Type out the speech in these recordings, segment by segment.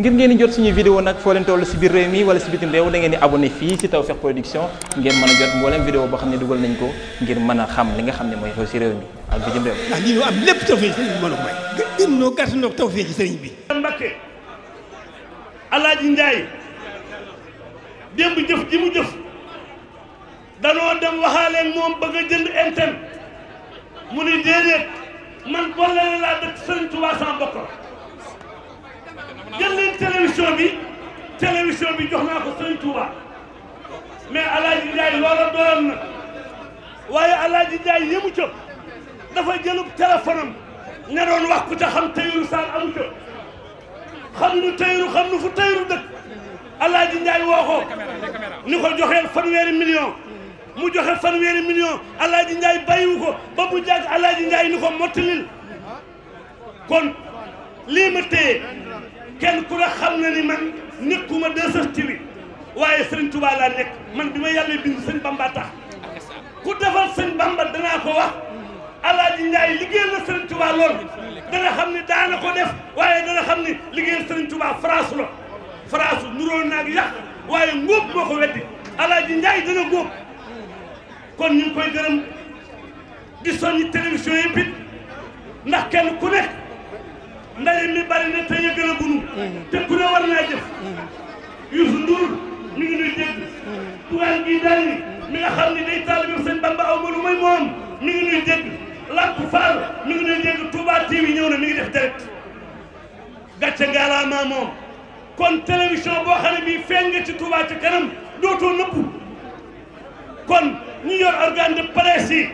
ngir ngeen jot suñu vidéo nag foo leen toll si biir réew mi wala si bitim réew da di abonné fii si Tawfekh Production ngeen mën a jot mboolem vidéo boo xam ne li nga xam ne mooy xew si réew mi ak bitim réew. ndax lii bi mën a may. gën noo gàtt noo tawfeex sëriñ bi. Mbakke Alaaji Njaay démb jëf ji mu jëf danoo dem waxaale moom bëgg a jënd interne mu ni déedéet man boole laa dëkk sëriñ Tuubaa sama bokk ni télévision bi jox naa ko Sëriñ Touba mais Alaaji Njaay loola na waaye Alaaji Njaay dafa jëlub téléphone am wax ku ca xam tayru saan nu tayru xam nu fu tayru dëkk Alaaji Njaay woo ko ni ko joxeel fanweeri mu joxe fanweeri million Alaaji Njaay bàyyiwu ko ba mu jàgg Alaaji Njaay ni ko kon lii ma kenn ku ne xam na ni man nekkuma 2 waaye Serigne laa nekk man bi ma yàlla bind sëñ tax ku defal sëñ Bamba danaa ko wax Alaaji Njaay liggéeyal na Serigne Touba lool dana xam ne daana ko def waaye dana xam ne liggéeyal Serigne Touba France la France nuróo naag yàq waaye ngóob moo ko weddi Alaaji Njaay dana góob kon ñu ngi koy gërëm di soññi télévision yëpp it ndax kenn ku nekk. ndaje mi bari na te yëgale gunu te ku ne jëf Youssou Ndour mi ngi nuy dégg tugaan gi daal ni mi nga xam ne day taalibe sëñ Bamba aw ma lu moom mi ngi nuy dégg Lat Fall mi ngi nuy dégg Touba TV ñëw na mi ngi def direct gàcce ngaalaama moom kon télévision boo xam ne bii feeñ nga ci Touba ci kanam dootoo nëbbu kon ñi yor organe de presse yi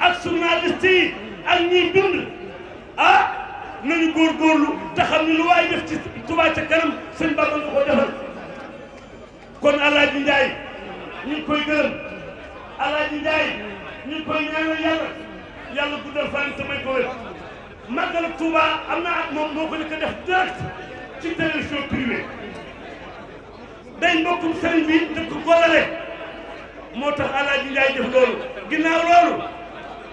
ak journaliste yi ak ñiy bind ah nañu góorgóorlu te xam ne lu waay def ci Touba ca kanam sëñ Bamba nga ko defal kon Alaaji Njaay ñu ngi koy gërëm Alaaji Njaay ngi koy ñaanal yàlla guddal fan samay ko wér màggal Touba am na ak moom moo ko njëkk a def direct ci télévision privée day mbokkum sëriñ bi dëkk moo tax Alaaji Njaay def loolu ginnaaw loolu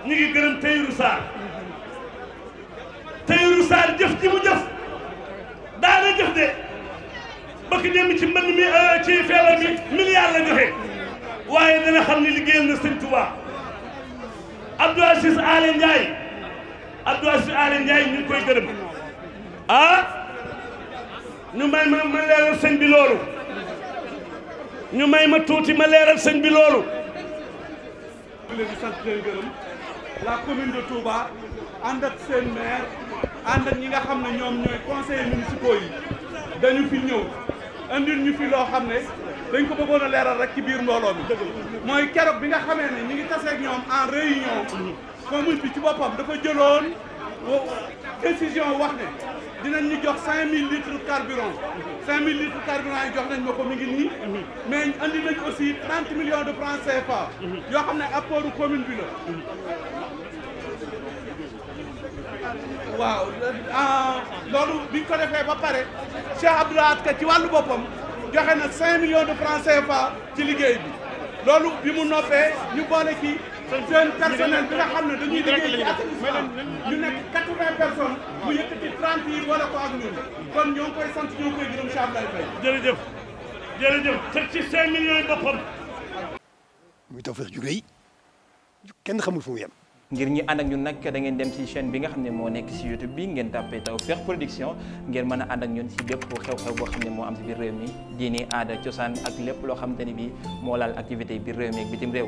ñu ngi gërëm Tayru Sarr Tahirou Sarr jëf ji mu jëf daana jëf de bëgg dem ci mbënd mi euh, ci feebar mi milliard la joxe waaye dana xam ne liggéey na sëñ Touba Abdou Aziz Aly Ndiaye Abdou Aziz Aly ñu koy gërëm ah ñu may ma ma leeral ñu may ma tuuti ma leeral sëñ bi loolu. leen la commune de Touba ànd ak seen maire ànd ñi nga xam ne ñoom ñooy conseillers municipaux yi dañu fi ñëw andil ñu fi loo xam ne dañ ko bëggoon a leeral rek ci biir mbooloo mi mooy keroog bi nga xamee ne ñi ngi taseeg ñoom en réunion commune bi ci boppam dafa jëloon décision wax ne dinañ ñu jox 5000 litres carburant 5000 litres carburant yi jox nañ ma ko mi ngi nii. mais andi nañ aussi 30 de francs CFA. yoo xam ne apport commune bi la. waaw ah, loolu biñ ko defee ba pare Cheikh Abdoulaye Ka ci wàllu boppam joxe na 5 millions de francs CFA ci liggéey bi loolu bi mu noppee ñu boole ci. jeune personnel bi nga xam ne dañuy liggéey ci assainissement ñu nekk quatre vingt personnes mu yëkkati trente yi wala ko ak ñun kon ñoo koy sant ñoo koy gërëm ci cinq millions yi boppam muy ngir ñi ànd ak ñun nag da ngeen dem ci chaîne bi nga xam ne moo nekk ci YouTube bi ngeen tàppee Tawfekh Production ngeen mën a ànd ak ñun si bépp xew-xew boo xam ne moo am si biir réew mi diini aada cosaan ak lépp loo xamante ni bi moo laal activité biir réew mi ak bitim réew